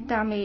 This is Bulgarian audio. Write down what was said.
Дами